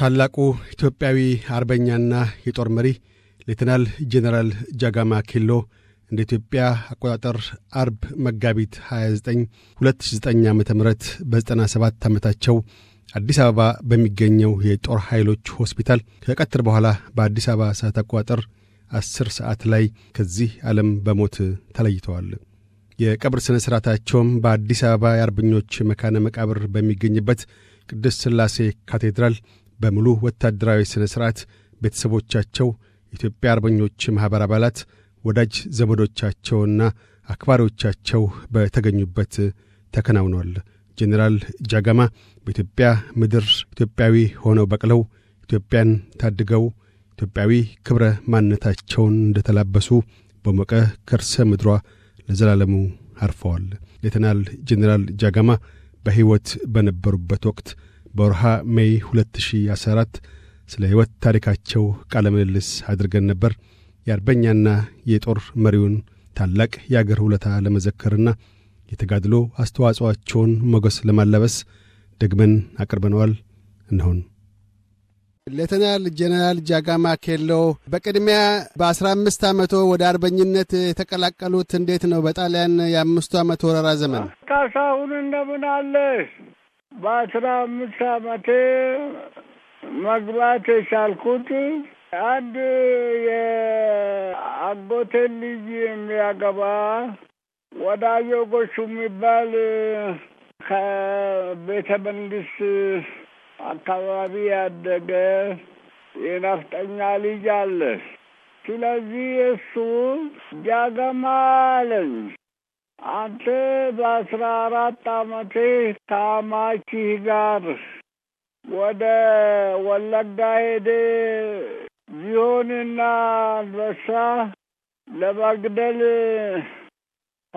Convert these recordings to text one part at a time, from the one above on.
ታላቁ ኢትዮጵያዊ አርበኛና የጦር መሪ ሌትናል ጄኔራል ጃጋማ ኬሎ እንደ ኢትዮጵያ አቆጣጠር አርብ መጋቢት 29 2009 ዓ ም በ97 ዓመታቸው አዲስ አበባ በሚገኘው የጦር ኃይሎች ሆስፒታል ከቀትር በኋላ በአዲስ አበባ ሰዓት አቆጣጠር 10 ሰዓት ላይ ከዚህ ዓለም በሞት ተለይተዋል። የቀብር ሥነ ሥርዓታቸውም በአዲስ አበባ የአርበኞች መካነ መቃብር በሚገኝበት ቅድስት ሥላሴ ካቴድራል በሙሉ ወታደራዊ ሥነ ሥርዓት ቤተሰቦቻቸው፣ የኢትዮጵያ አርበኞች ማኅበር አባላት፣ ወዳጅ ዘመዶቻቸውና አክባሪዎቻቸው በተገኙበት ተከናውኗል። ጄኔራል ጃጋማ በኢትዮጵያ ምድር ኢትዮጵያዊ ሆነው በቅለው ኢትዮጵያን ታድገው ኢትዮጵያዊ ክብረ ማንነታቸውን እንደተላበሱ በሞቀ ከርሰ ምድሯ ለዘላለሙ አርፈዋል። ሌተናል ጄኔራል ጃጋማ በሕይወት በነበሩበት ወቅት በወርሃ ሜይ 2014 ስለ ሕይወት ታሪካቸው ቃለ ምልልስ አድርገን ነበር። የአርበኛና የጦር መሪውን ታላቅ የአገር ውለታ ለመዘከርና የተጋድሎ አስተዋጽኦአቸውን ሞገስ ለማላበስ ደግመን አቅርበነዋል። እንሆን ሌተናል ጄኔራል ጃጋማ ኬሎ፣ በቅድሚያ በአስራ አምስት ዓመቶ ወደ አርበኝነት የተቀላቀሉት እንዴት ነው? በጣሊያን የአምስቱ ዓመት ወረራ ዘመን። ካሳሁን እንደምን በአስራ አምስት አመቴ መግባት የቻልኩት አንድ የአጎቴን ልጅ የሚያገባ ወዳጆ ጎሹ የሚባል ከቤተ መንግስት አካባቢ ያደገ የነፍጠኛ ልጅ አለ። ስለዚህ እሱ ጃገማ አለኝ። አንተ በአስራ አራት አመቴ ታማቺ ጋር ወደ ወለጋ ሄደ ቢሆንና አንበሳ ለመግደል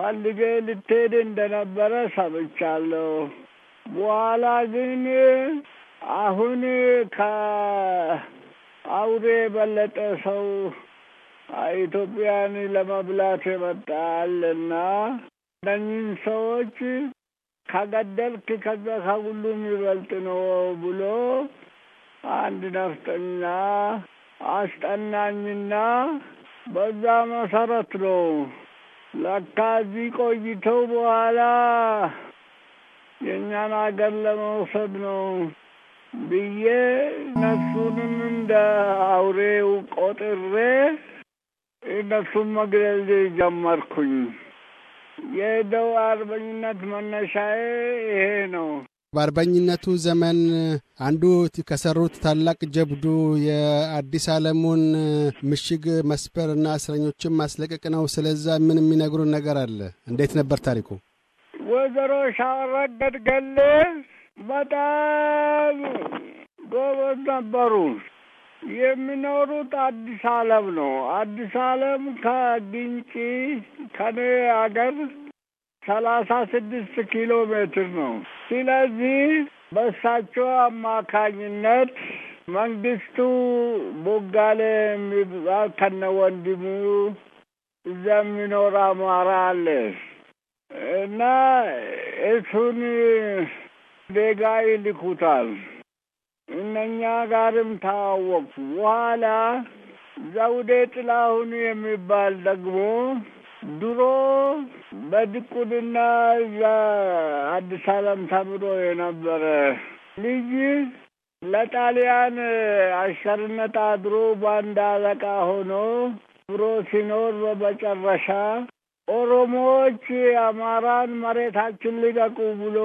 ፈልጌ ልትሄድ እንደነበረ ሰምቻለሁ። በኋላ ግን አሁን ከአውሬ የበለጠ ሰው ኢትዮጵያን ለመብላት ይመጣል እነኝን ሰዎች ከገደልክ ከዛ ከሁሉ የሚበልጥ ነው ብሎ አንድ ነፍጠኛ አስጠናኝና በዛ መሰረት ነው ለካ እዚህ ቆይተው በኋላ የእኛን አገር ለመውሰድ ነው ብዬ እነሱንም እንደ አውሬው ቆጥሬ እነሱን መግደል ጀመርኩኝ። የሄደው አርበኝነት መነሻዬ ይሄ ነው። በአርበኝነቱ ዘመን አንዱ ከሰሩት ታላቅ ጀብዱ የአዲስ ዓለሙን ምሽግ መስበርና እስረኞችን ማስለቀቅ ነው። ስለዛ ምን የሚነግሩን ነገር አለ? እንዴት ነበር ታሪኩ? ወይዘሮ ሻረገድ ገሌ በጣም ጎበዝ ነበሩ። የሚኖሩት አዲስ አለም ነው። አዲስ አለም ከግንጪ ከኔ አገር ሰላሳ ስድስት ኪሎ ሜትር ነው። ስለዚህ በእሳቸው አማካኝነት መንግስቱ ቦጋሌ የሚባል ከነ ወንድሙ እዛ የሚኖር አማራ አለ እና እሱን ዴጋ ይልኩታል። እነኛ ጋርም ተዋወቅኩ። በኋላ ዘውዴ ጥላሁን የሚባል ደግሞ ድሮ በድቁድና እዛ አዲስ አለም ተምሮ የነበረ ልጅ ለጣሊያን አሸርነት አድሮ ባንዳ አለቃ ሆኖ አብሮ ሲኖር በመጨረሻ ኦሮሞዎች አማራን መሬታችን ሊነቁ ብሎ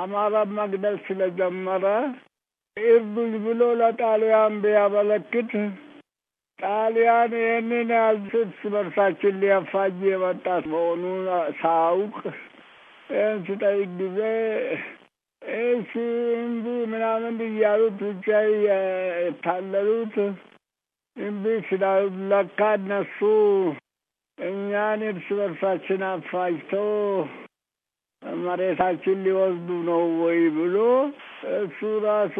አማራን መግደል ስለጀመረ እብዝ ብሎ ለጣሊያን ቢያመለክት ጣሊያን ይህንን ያልስስ በርሳችን ሊያፋጅ የመጣ መሆኑ ሳውቅ ይህን ስጠይቅ ጊዜ እሺ እምቢ ምናምን እያሉት ብቻ የታለሉት እምቢ ስላሉት ለካ እነሱ እኛን እርስ በርሳችን አፋጅቶ መሬታችን ሊወስዱ ነው ወይ ብሎ እሱ ራሱ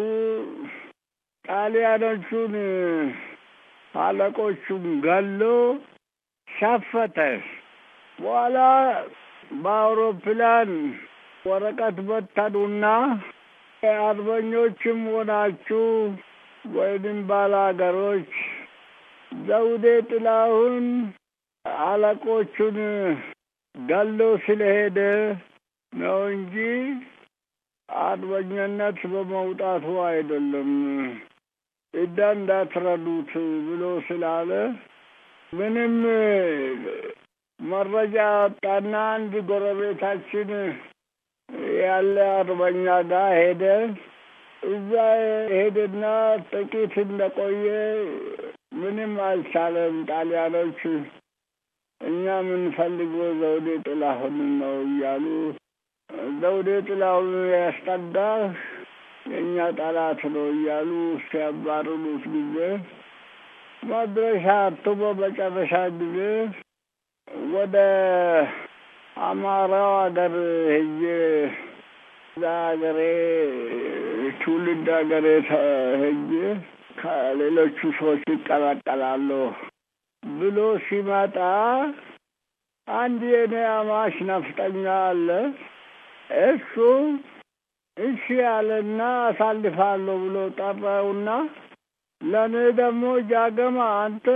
ጣሊያኖቹን አለቆቹን ገሎ ሸፈተ። በኋላ በአውሮፕላን ወረቀት በተኑና አርበኞችም ሆናችሁ ወይንም ባላገሮች ዘውዴ ጥላሁን አለቆቹን ገሎ ስለሄደ ነው እንጂ አርበኝነት በመውጣቱ አይደለም እዳ እንዳትረዱት ብሎ ስላለ ምንም መረጃ ወጣና አንድ ጎረቤታችን ያለ አርበኛ ጋር ሄደ። እዛ ሄደና ጥቂት እንደቆየ ምንም አልቻለም። ጣሊያኖች እኛ የምንፈልገው ዘውዴ ጥላሁንን ነው እያሉ ዘውዴ ጥላውን ያስጠጋ የእኛ ጠላት ነው እያሉ ሲያባርሉት ጊዜ መድረሻ አትሞ መጨረሻ ጊዜ ወደ አማራው ሀገር ሄጄ እዛ ሀገሬ ትውልድ ሀገሬ ሄጄ ከሌሎቹ ሰዎች ይቀላቀላለሁ ብሎ ሲመጣ አንድ የኔ አማች ነፍጠኛ አለ። እሱ እሺ ያለና አሳልፋለሁ ብሎ ጠራውና ለእኔ ደግሞ ጃገማ አንተ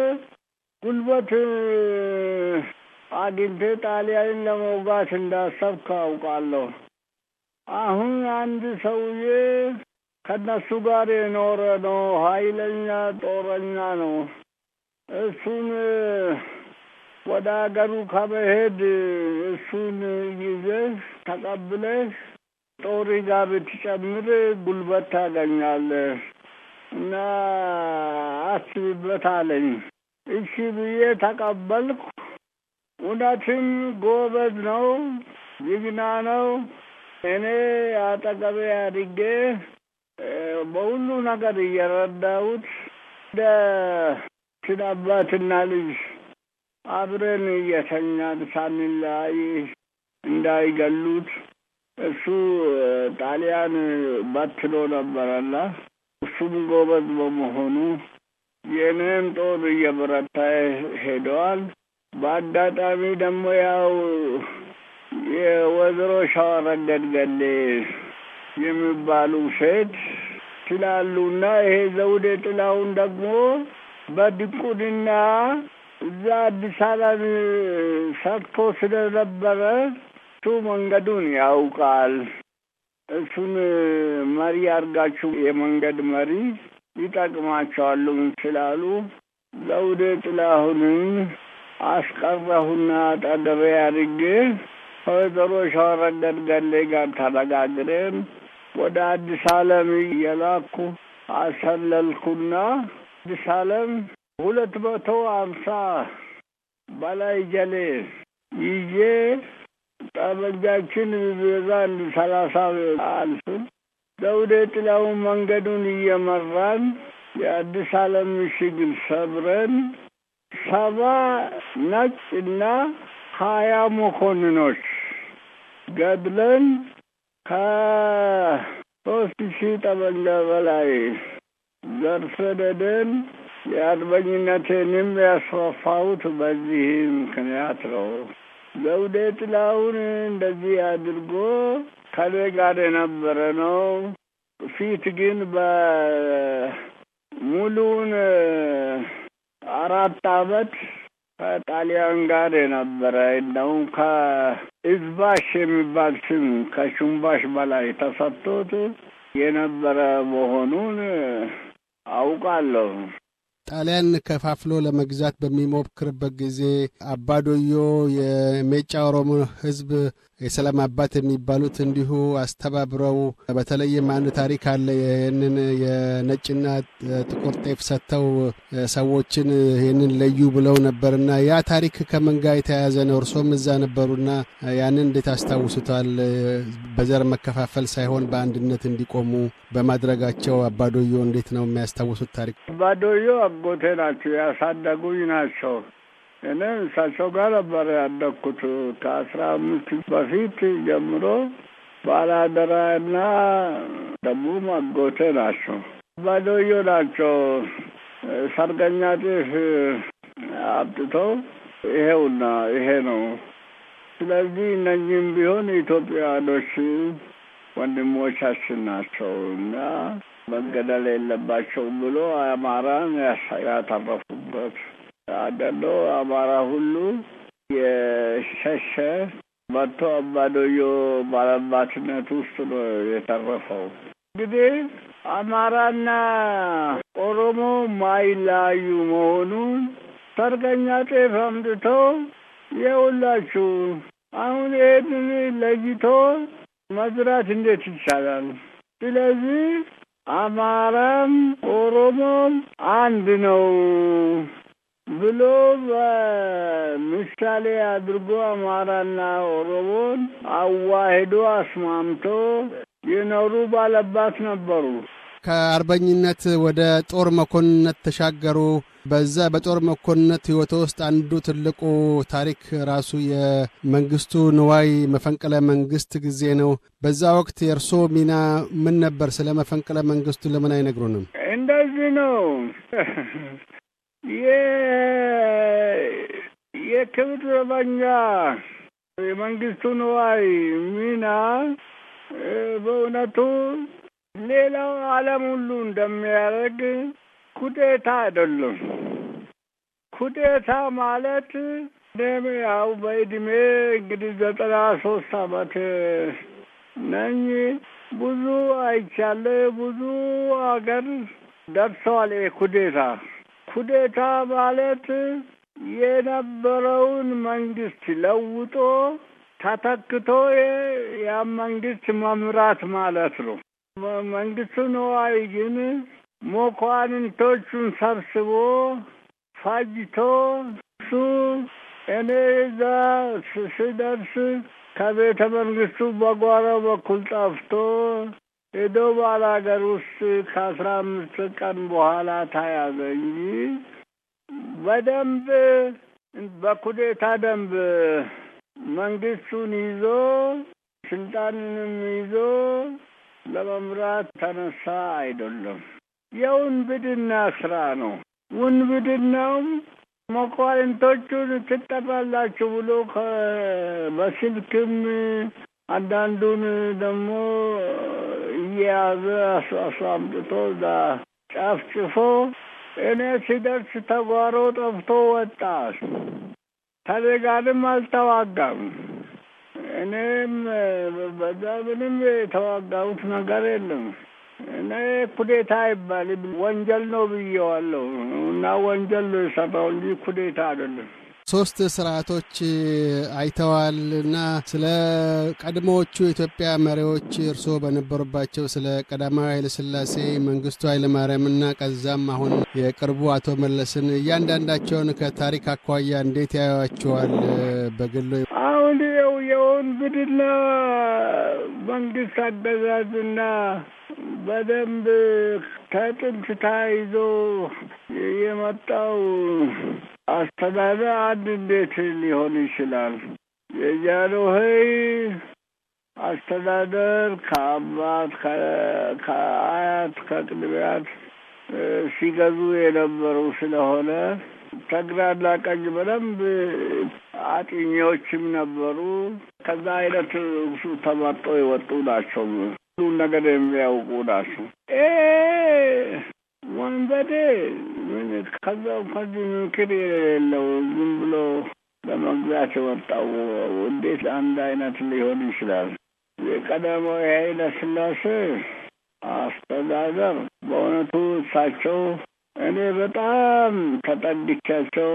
ጉልበት አግኝቴ ጣሊያንን ለመውጋት እንዳሰብክ አውቃለሁ። አሁን አንድ ሰውዬ ከነሱ ጋር የኖረ ነው፣ ኃይለኛ ጦረኛ ነው። እሱን ወደ ሀገሩ ከመሄድ እሱን ይዘህ ተቀብለህ ጦሪ ጋር ብትጨምር ጉልበት ታገኛለህ እና አስብበት አለኝ። እሺ ብዬ ተቀበልኩ። እውነትም ጎበዝ ነው፣ ጀግና ነው። እኔ አጠገቤ አድጌ በሁሉ ነገር እየረዳሁት እንደ አባትና ልጅ አብረን እየተኛን ሳንለያይ እንዳይገሉት እሱ ጣሊያን በትሎ ነበረና እሱም ጎበዝ በመሆኑ የእኔም ጦር እየበረታ ሄደዋል። በአጋጣሚ ደግሞ ያው የወይዘሮ ሸዋረገድ ገሌ የሚባሉ ሴት ስላሉና ይሄ ዘውዴ ጥላውን ደግሞ በድቁንና እዛ አዲስ አበባ ሰርቶ ስለነበረ እሱ መንገዱን ያውቃል። እሱን መሪ አድርጋችሁ የመንገድ መሪ ይጠቅማቸዋሉ ስላሉ ዘውዴ ጥላሁንን አስቀረሁና አጠገቤ አድርጌ ወይዘሮ ሸዋረገድ ገሌ ጋር ተነጋግሬን ወደ አዲስ አለም እየላኩ አሰለልኩና አዲስ አለም ሁለት መቶ አምሳ በላይ ጀሌ ይዤ ጠመንጃችን የሚበዛ ሰላሳ አልፍን ዘውዴ ጥላው መንገዱን እየመራን የአዲስ ዓለም ምሽግን ሰብረን ሰባ ነጭ እና ሀያ መኮንኖች ገድለን ከሶስት ሺህ ጠመንጃ በላይ ዘርሰደደን የአርበኝነቴንም ያስፋፋሁት በዚህ ምክንያት ነው። ዘውዴ ጥላሁን እንደዚህ አድርጎ ከኔ ጋር የነበረ ነው። ፊት ግን በሙሉውን አራት አመት ከጣሊያን ጋር የነበረ እንደውም ከኢዝባሽ የሚባል ስም ከሹምባሽ በላይ ተሰጥቶት የነበረ መሆኑን አውቃለሁ። ጣሊያን ከፋፍሎ ለመግዛት በሚሞክርበት ጊዜ አባዶዮ የሜጫ ኦሮሞ ሕዝብ የሰላም አባት የሚባሉት እንዲሁ አስተባብረው በተለይም አንድ ታሪክ አለ። ይህንን የነጭና ጥቁር ጤፍ ሰጥተው ሰዎችን ይህንን ለዩ ብለው ነበርና ያ ታሪክ ከምን ጋር የተያያዘ ነው? እርሶም እዛ ነበሩና ያንን እንዴት አስታውሱታል? በዘር መከፋፈል ሳይሆን በአንድነት እንዲቆሙ በማድረጋቸው አባዶዮ እንዴት ነው የሚያስታውሱት ታሪክ? አባዶዮ አጎቴ ናቸው፣ ያሳደጉኝ ናቸው። እኔ እሳቸው ጋር ነበር ያደግኩት ከአስራ አምስት በፊት ጀምሮ ባላደራና ደግሞ ማጎቴ ናቸው። ባዶዮ ናቸው። ሰርገኛ ጤፍ አብጥተው ይሄውና ይሄ ነው። ስለዚህ እነዚህም ቢሆን ኢትዮጵያኖች ወንድሞቻችን ናቸው እና መገደል የለባቸውም ብሎ አማራን ያተረፉበት አንዳንዱ አማራ ሁሉ የሸሸ መጥቶ አባዶዮ ባለባትነት ውስጥ ነው የተረፈው። እንግዲህ አማራና ኦሮሞ ማይላዩ መሆኑን ሰርገኛ ጤፍ አምጥቶ የውላችሁ አሁን ይህንን ለይቶ መዝራት እንዴት ይቻላል? ስለዚህ አማራም ኦሮሞም አንድ ነው ብሎ በምሳሌ አድርጎ አማራና ኦሮሞን አዋሂዶ አስማምቶ የኖሩ ባለባት ነበሩ። ከአርበኝነት ወደ ጦር መኮንነት ተሻገሩ። በዛ በጦር መኮንነት ህይወት ውስጥ አንዱ ትልቁ ታሪክ ራሱ የመንግስቱ ንዋይ መፈንቅለ መንግስት ጊዜ ነው። በዛ ወቅት የእርሶ ሚና ምን ነበር? ስለ መፈንቅለ መንግስቱ ለምን አይነግሩንም? እንደዚህ ነው የክብር ረባኛ የመንግስቱ ነዋይ ሚና በእውነቱ ሌላው ዓለም ሁሉ እንደሚያደርግ ኩዴታ አይደሉም። ኩዴታ ማለት ደም ያው በእድሜ እንግዲህ ዘጠና ሶስት አመት ነኝ። ብዙ አይቻለ ብዙ ሀገር ደርሰዋል። ኩዴታ ኩዴታ ማለት የነበረውን መንግስት ለውጦ ተተክቶ ያ መንግስት መምራት ማለት ነው። መንግስቱ ነዋይ ግን መኳንንቶቹን ሰብስቦ ፈጅቶ እሱ እኔ እዛ ስደርስ ከቤተ መንግስቱ በጓሮ በኩል ጠፍቶ የደቡባል ሀገር ውስጥ ከአስራ አምስት ቀን በኋላ ታያዘ እንጂ በደንብ በኩዴታ ደንብ መንግስቱን ይዞ ስልጣንንም ይዞ ለመምራት ተነሳ አይደለም። የውንብድና ስራ ነው። ውንብድናውም መኳንንቶቹን ትጠራላችሁ ብሎ በስልክም አንዳንዱን ደግሞ እየያዘ አስአምጥቶ እዛ ጨፍጭፎ እኔ ሲደርስ ተጓሮ ጠፍቶ ወጣ። ከዚህ አልተዋጋም። እኔም በዛ ምንም የተዋጋሁት ነገር የለም። እኔ ኩዴታ አይባልም ወንጀል ነው ብዬዋለሁ እና ወንጀል ነው የሰራው እንጂ ኩዴታ አይደለም። ሶስት ስርዓቶች አይተዋል እና ስለ ቀድሞዎቹ የኢትዮጵያ መሪዎች እርስዎ በነበሩባቸው ስለ ቀዳማዊ ኃይለስላሴ መንግስቱ ኃይለማርያምና ከዛም አሁን የቅርቡ አቶ መለስን እያንዳንዳቸውን ከታሪክ አኳያ እንዴት ያዩቸዋል? በግሎ አሁን ያው የወንብድና መንግስት አገዛዝና በደንብ ከጥንት ታይዞ የመጣው አስተዳደር አንድ እንዴት ሊሆን ይችላል? የጃንሆይ አስተዳደር ከአባት ከአያት ከቅድሚያት ሲገዙ የነበሩ ስለሆነ ተግራና ቀኝ በደንብ አጥኚዎችም ነበሩ። ከዛ አይነት እሱ ተመርጦ የወጡ ናቸው። ሁሉን ነገር የሚያውቁ ናቸው። ወንበዴ ምንት ከዛ ከዚህ ምክር የሌለው ዝም ብሎ ለመግዛት የወጣው እንዴት አንድ አይነት ሊሆን ይችላል? የቀዳማዊ የኃይለ ሥላሴ አስተዳደር በእውነቱ እሳቸው እኔ በጣም ተጠድቻቸው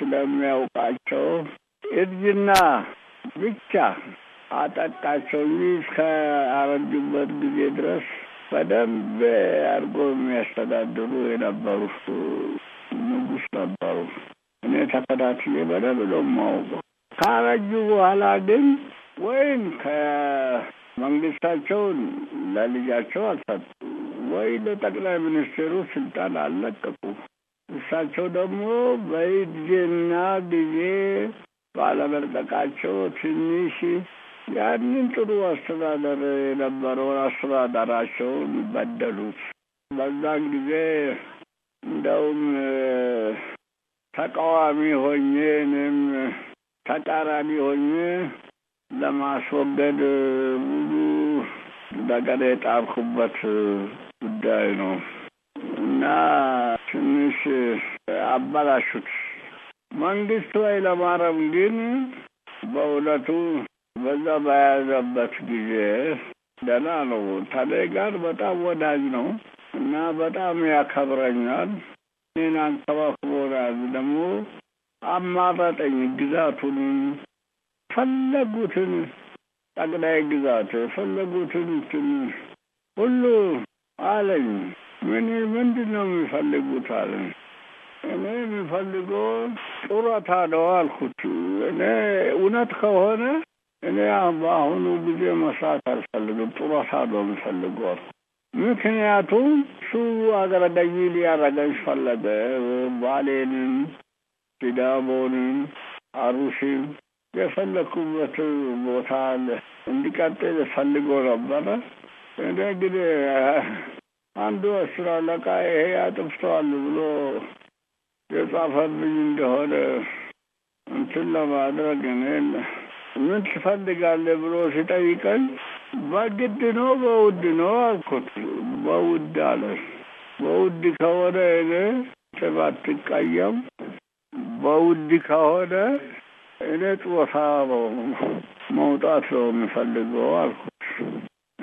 ስለሚያውቃቸው እርጅና ብቻ አጠቃቸው እንጂ እስከ አረጁበት ጊዜ ድረስ በደንብ አድርጎ የሚያስተዳድሩ የነበሩ ንጉስ ነበሩ። እኔ ተከታትዬ በደንብ ነው የማውቀው። ካረጁ በኋላ ግን ወይም ከመንግስታቸውን ለልጃቸው አልሰጡ ወይ ለጠቅላይ ሚኒስትሩ ስልጣን አልለቀቁ። እሳቸው ደግሞ በጊዜና ጊዜ ባለመልቀቃቸው ትንሽ ያንን ጥሩ አስተዳደር የነበረውን አስተዳደራቸው በደሉት። በዛን ጊዜ እንደውም ተቃዋሚ ሆኜ እኔም ተቃራኒ ሆኜ ለማስወገድ ብዙ ነገር የጣርኩበት ጉዳይ ነው እና ትንሽ አበላሹት። መንግስት ላይ ለማረም ግን በእውነቱ በዛ በያዘበት ጊዜ ደህና ነው። ታዲያ ጋር በጣም ወዳጅ ነው እና በጣም ያከብረኛል። እኔን አንከባክቦናል። ደግሞ አማረጠኝ ግዛቱን ፈለጉትን ጠቅላይ ግዛት የፈለጉትን እንትን ሁሉ አለኝ። ምን ምንድን ነው የሚፈልጉት አለኝ። እኔ የሚፈልገው ጡረታ ነው አልኩት። እኔ እውነት ከሆነ እኔ በአሁኑ ጊዜ መስራት አልፈልግም። ጡረታ ነው የምፈልገው። ምክንያቱም እሱ አገረገኝ ሊያረገኝ ፈለገ። ባሌንም፣ ሲዳሞንም፣ አሩሲም የፈለግኩበት ቦታ እንዲቀጥል ፈልገው ነበረ። እኔ ግን አንዱ ስራ ለቃ ይሄ አጥፍተዋል ብሎ የጻፈብኝ እንደሆነ እንትን ለማድረግ እኔን ምን ትፈልጋለህ ብሎ ሲጠይቀኝ በግድ ነው በውድ ነው አልኩት። በውድ አለ። በውድ ከሆነ እኔ ጥብ አትቀየም፣ በውድ ከሆነ እኔ ጥቦታ መውጣት ነው የምፈልገው አልኩት።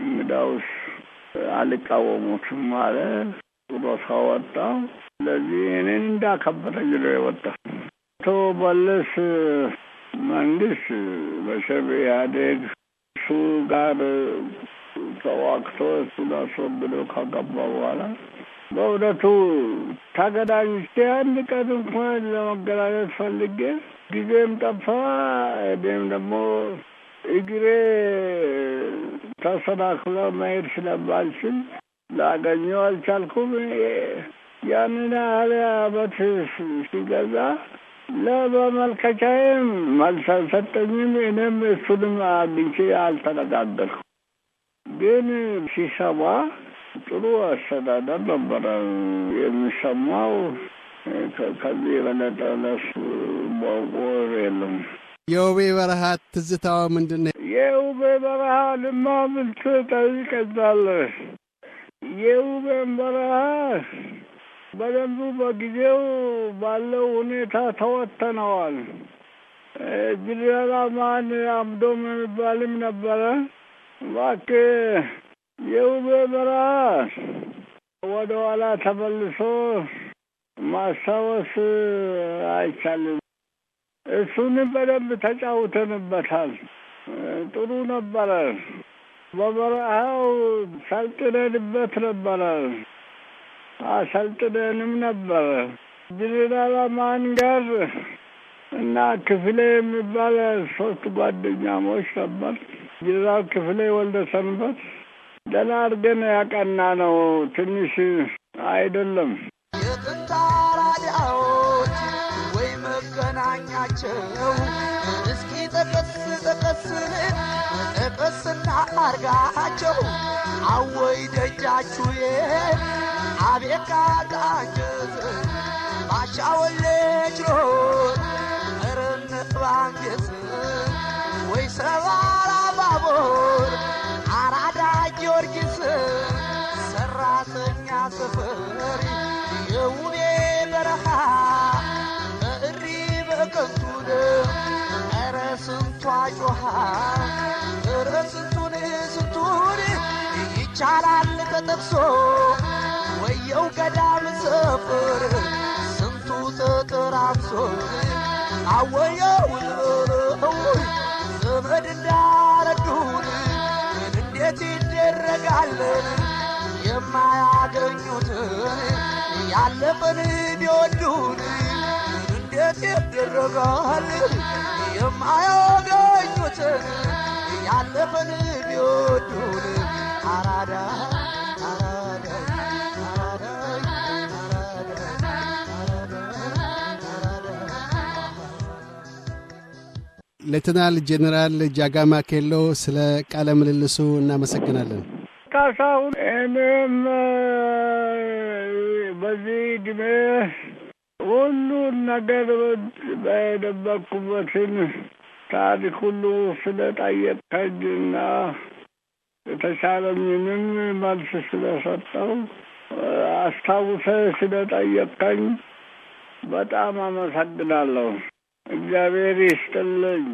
እንግዳውስ አልቃወሙትም አለ። ጥቦታ ወጣ። ስለዚህ እኔን እንዳከበረኝ ነው የወጣ አቶ መለስ መንግስት በሰብ ኢህአዴግ እሱ ጋር ተዋግቶ እሱን አስወግዶ ካገባ በኋላ በእውነቱ ተገናኝቼ አንድ ቀን እንኳን ለመገናኘት ፈልጌ ጊዜም ጠፋ። እኔም ደግሞ እግሬ ተሰናክሎ መሄድ ስለማልችል ላገኘው አልቻልኩም። ያንን ያህል አመት ሲገዛ ለመመልከቻዬም መልስ አልሰጠኝም። እኔም እሱንም አግኝቼ አልተነጋገርኩም። ግን ሲሰማ ጥሩ አስተዳደር ነበረ የሚሰማው። ከዚህ የበለጠ ለሱ መቆር የለም። የውቤ በረሃ ትዝታዋ ምንድን ነው? የውቤ በረሃ ልማ ምልት ጠይቀዛለ የውቤን በረሃ በደንብ በጊዜው ባለው ሁኔታ ተወተነዋል። ጅለላ ማን አምዶ የሚባልም ነበረ። እባክህ የውቤ በረሃ ወደ ኋላ ተመልሶ ማስታወስ አይቻልም። እሱንም በደንብ ተጫውተንበታል። ጥሩ ነበረ። በበረሃው ሰልጥነንበት ነበረ። አሰልጥደንም ነበረ ድልዳላ ማን ጋር እና ክፍሌ የሚባል ሶስት ጓደኛሞች ነበር። ጌዛው ክፍሌ ወልደ ሰንበት ደህና አድርገን ያቀና ነው። ትንሽ አይደለም የጥንታራ ዲያዎች ወይ መገናኛቸው እስኪ ጠቀስ ጠቀስ ጠቀስና አርጋቸው አወይ ደጃችሁ አቤካ ቃንጅት ባሻወሌ ችሎት እርን ባንጌት ወይ አራዳ ጊዮርጊስ ሰራተኛ ሰፈር የውቤ በረኻ በእሪ በእቀቱን ኧረ ስንቷ ጮኻ ኧረ ስንቱን ስንቱን ይቻላል ተጠቅሶ ወየው ገዳም ሰፈር ስንቱ ተጠራቅሶ አወየው ለወይ ዘመድ እንዳረዱን እንዴት ይደረጋል የማያገኙትን ያለፈን ቢወዱን እንዴት ይደረጋል የማያገኙትን ያለፈን ቢወዱን አራዳ ሌትናል ጄኔራል ጃጋማ ኬሎ ስለ ቃለ ምልልሱ እናመሰግናለን። ካሳሁን እኔም በዚህ እድሜ ሁሉን ነገር በደበኩበትን ታሪክ ሁሉ ስለጠየቀኝና የተሻለኝንም መልስ ስለሰጠው አስታውሰ ስለጠየቀኝ በጣም አመሰግናለሁ። እግዚአብሔር ይስጥልኝ።